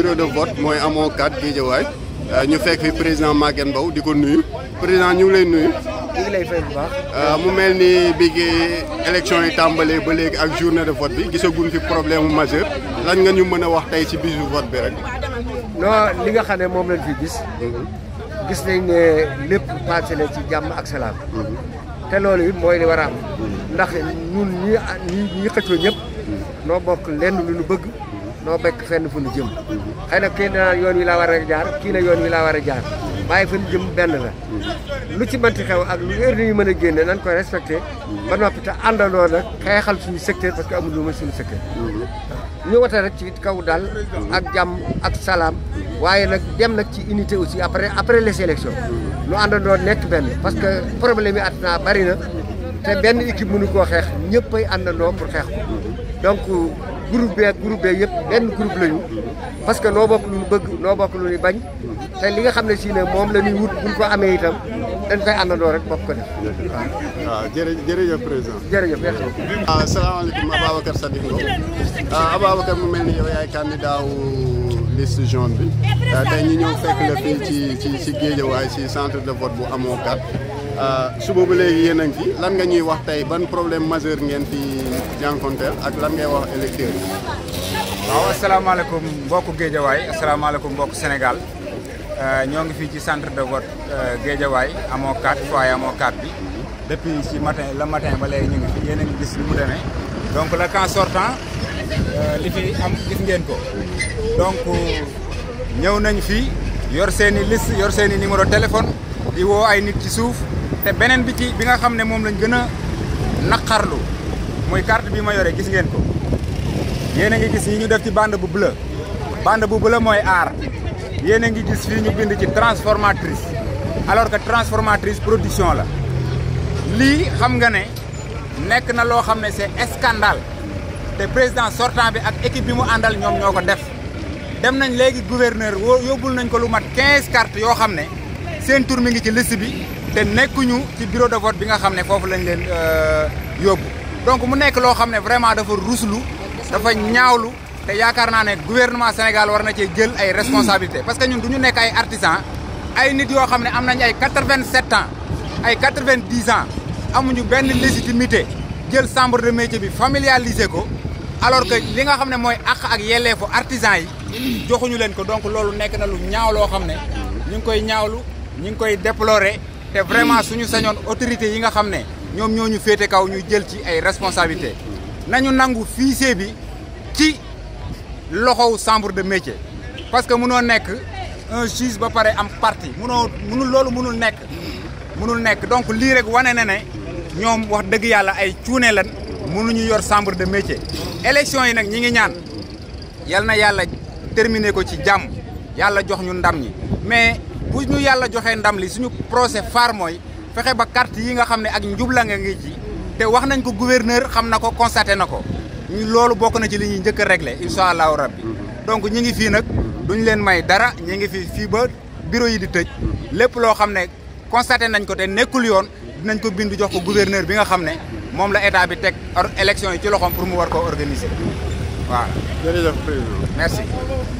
bureau de vote mooy amoo carte Guédiawaye euh, ñu fekk fi président Maguette Mbow di ko nuyu président ñu ngi lay nuyu. ñu lay fay bu baax. Euh, mu mel ni bi élection yi tàmbalee ba léegi ak journée de vote bi gisaguñ fi problème mu majeur lan nga ñu mën a wax tey ci bisu vote bi rek. non li nga xam ne moom lañ fi gis. Mhm. gis nañ ne lépp passé na ci jàmm ak salaam. Mhm. te loolu mooy li war a am. Mhm. ndax ñun ñi xëccoo ñëpp. noo bokk lenn lu ñu bëgg. noo bekk fenn fu nu jëm ay nag kenn naan yoon wi laa war a jaar kii na yoon wi laa war a jaar waaye fu ñu jëm benn la lu ci manti xew ak lu heure ñu mën a génne nan koy respecté ba noppi te àndandoo nag xeexal suñu secteur parce que amul lu ma suñu secteur ñu wote rek ci kaw daal ak jàmm ak salaam waaye nag dem nag ci unité aussi après après les élections nu àndandoo nekk benn parce que problème yi at naa bari na te benn équipe mënu koo xeex ñëppay àndandoo pour xeex ko groupe bi ak groupe bi benn groupe la parce que noo bokk lu ñu bëgg noo bokk lu ñu bañ te li nga xam ne si ne moom la ñuy wut buñ ko amee itam dañ koy àndandoo rek bokk ko def waaw ah, waaw jërëjëf jërëjëf président jërëjëf merci beaucoup ah, ah, ni yow yaay candidat wu liste jaune bi tey ñu ñëw fekk la fii ci ci ci ci centre de vote bu amoo kat Euh, suba ba léegi yeen nañ fi lan nga ñuy wax tay ban problème majeur ngeen fi jànkonteel ak lan ngay wax électeur électeurs yi. waaw asalaamaaleykum mbokku assalamu alaykum mbokk Sénégal euh ñoo ngi fi ci centre de vote Géejawaay amo 4 fois amo 4 bi depuis ci matin le matin ba léegi ñu ngi fi yeen a gis li mu demee donc le camp sortant euh, li fi am gis ngeen ko donc ñew nañ fi yor seeni liste yor seeni numéro téléphone di wo ay nit ci souf te beneen bi ci bi nga xam ne moom lañ gën a naqarlu mooy carte bii ma yore gis ngeen ko yéen a ngi gis yi ñu def ci band bu bula bande bu bleu mooy aar yéen a ngi gis fii ñu bind ci transformatrice alors que transformatrice production la lii xam nga ne nekk na loo xam ne c'est scandale te président sortant bi ak équipe bi mu àndal ñoom ñoo ko def dem nañ léegi gouverneur woo yóbbul nañ ko lu mat 15 cartes yoo xam ne seen tur mi ngi ci liste bi te nekkuñu ci bureau de vote bi nga xam ne foofu lañ leen euh, yóbbu donc mu nekk loo xam ne vraiment dafa ruslu dafa ñaawlu te yaakaar naa ne gouvernement Sénégal war na cee jël ay responsabilités parce que ñun du ñu nekk ay artisans ay nit yoo xam ne am nañ ay quatre-vingt-sept ans ay quatre-vingt-dix ans amuñu benn légitimité jël chambre de métier bi familialiser ko alors que li nga xam ne mooy àq ak yelleefu artisans yi joxuñu leen ko donc loolu nekk na lu ñaaw loo xam ne ñu ngi koy ñaawlu ñu ngi koy déplorer te vraiment suñu sañoon autorité yi nga xam ne ñoom ñoo ñu féete kaw ñu jël ci ay responsabilité nañu nangu fichier bi ci loxow chambre de métier parce que munoo nekk un juge ba pare am parti munoo mënul loolu mënul nekk mënul nekk donc lii rek wane na ne ñoom wax dëgg yàlla ay cuune lan mënuñu yor chambre de métier élection yi nag ñi ngi ñaan yal na yàlla terminer ko ci jàmm yàlla jox ñu ndam ñi mais bu ñu yàlla joxee ndam li suñu procès phare mooy fexe ba kart yi nga xam ne ak njubla nga ngi ji te wax nañ ko gouverneur xam na ko constaté na ko ñu loolu bokk na ci li ñuy njëkk a réglé incha allahu rabbi donc ñi ngi fii nag duñu leen may dara ñi ngi fii fii ba bureau yi di tëj lépp loo xam ne constaté nañ ko te nekkul yoon dinañ ko bind jox ko gouverneur bi nga xam ne moom la état bi teg élection yi ci loxoom pour mu war koo organiser voilà.